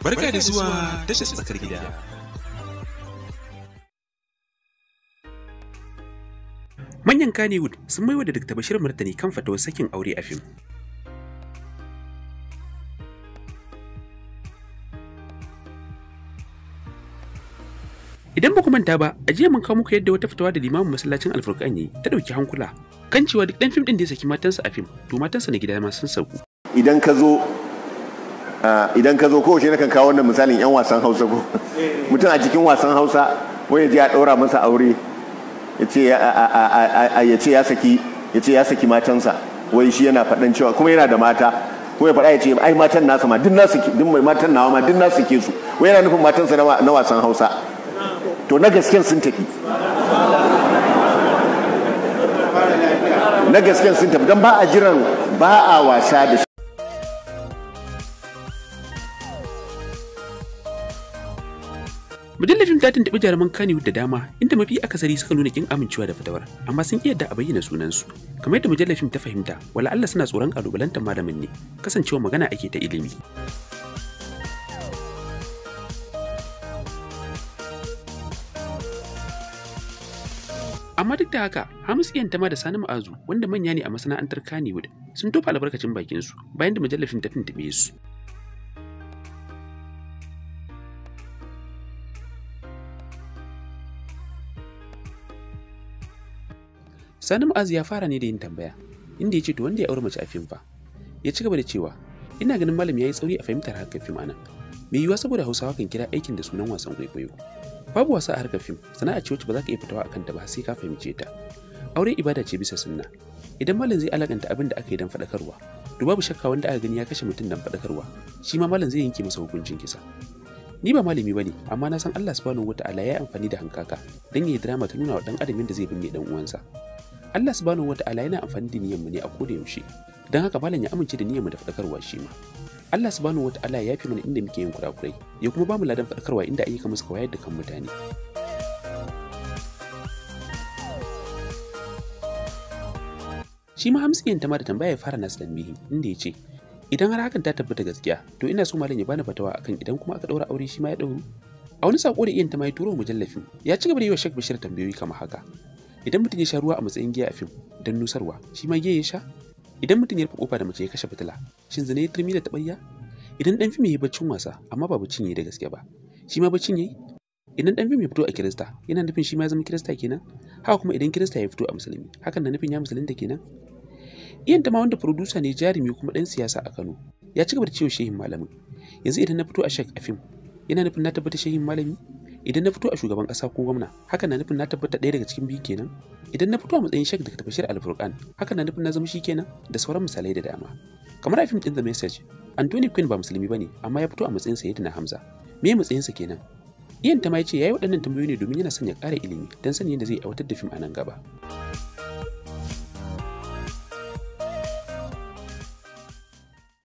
Barka da zuwa tashar tsakar gida. Manyan Kannywood sun maiwa da Dr. Bashir Martani kan fatawar sakin aure a fim. Idan ba ku manta ba, a jiya mun kawo muku yadda wata fitowa da limamin masallacin alfurkan ne ta ɗauki hankula kan cewa duk ɗan fim din da ya saki matansa a fim, to matansa na gida ma sun sauku. Idan ka zo Ah, idan ka zo kowace na kan kawo wannan misalin 'yan wasan hausa ko mutum a cikin wasan hausa wani ji a ɗora masa aure ya ce ya saki matansa wai shi yana faɗan cewa kuma yana da mata ko ya faɗa ya ce ai matan nasa ma duk nasu duk matan nawa ma duk nasu ke su wai yana nufin matansa na wasan hausa to na gasken sun tafi na gasken sun tafi don ba a jiran ba a wasa da shi Mujallar fim ta tuntuɓi jaruman Kannywood da dama inda mafi akasari suka nuna kin amincewa da fatawar amma sun iya da a bayyana sunansu. Kamar yadda mujallar fim ta fahimta wala Allah suna tsoron kalubalantar malamin ne kasancewa magana ake ta ilimi. amma duk da haka hamis iyan tama da sani ma'azu wanda manya ne a masana'antar kaniwood sun tofa albarkacin bakinsu bayan da mujallafin ta tuntuɓe su Sani ma'azi ya fara ne da yin tambaya, inda ya ce to wanda ya aure mace a fim fa. Ya ci gaba da cewa, ina ganin malam ya yi tsauri a fahimtar harkar fim anan. Mai yiwuwa saboda Hausawa kan kira aikin da sunan wasan kwaikwayo. Babu wasa a harkar fim, sana'a ce wacce ba za ka iya fitawa a kanta ba sai ka fahimce ta. Aure ibada ce bisa sunna. Idan malam zai alakanta abin da aka yi don faɗakarwa, to babu shakka wanda aka gani ya kashe mutum don faɗakarwa, shi ma malam zai yanke masa hukuncin kisa. ni ba malami bane amma na san Allah subhanahu wata'ala ya amfani da hankaka dan yayi drama ta nuna wa dan adamin da zai binne dan uwansa Allah subhanahu wata'ala yana amfani da niyyar ne a koda yaushe don haka malam ya amince da niyyar mu da faɗakarwa shi ma Allah subhanahu wata'ala ya fi mana inda muke yin kurakurai ya kuma ba mu ladan faɗakarwa inda ayyuka musu wayar da kan mutane shi ma hamsikin ta da tambaya ya fara nasu tambihi inda ya ce idan har hakan ta tabbata gaskiya to ina so malam ya bani fatawa akan idan kuma aka ɗaura aure shi ma ya ɗauru a wani sako da iyan ta mai turo mujallafin ya ci gaba da yi wa Sheikh Bashir tambayoyi kamar haka idan mutum ya sha ruwa a matsayin giya a fim don nusarwa shi ma giya ya sha idan mutum ya rufe kofa da mace ya kashe fitila shin zane ya turmi da taɓayya idan ɗan fim ya yi baccin wasa amma ba baccin ya yi da gaske ba shi ma baccin ya yi idan ɗan fim ya fito a kirista yana nufin shi ma ya zama kirista kenan haka kuma idan kirista ya fito a musulmi hakan na nufin ya musulunta kenan iyan ma wanda furodusa ne jarumi kuma ɗan siyasa a kano ya ci gaba da cewa shehin malamin yanzu idan na fito a shek a fim yana nufin na tabbata shehin malami idan na fito a shugaban ƙasa ko gwamna hakan na nufin na tabbata ɗaya daga cikin biyu kenan idan na fito a matsayin shek daga tafashir alfurkan hakan na nufin na zama shi kenan da sauran misalai da dama kamar a fim ɗin the message anthony quinn ba musulmi bane amma ya fito a matsayin sayyidina hamza me matsayin sa kenan iyan ta ma ya ce yayi waɗannan tambayoyi ne domin yana son ya ƙara ilimi don sanin yadda zai aiwatar da fim a nan gaba.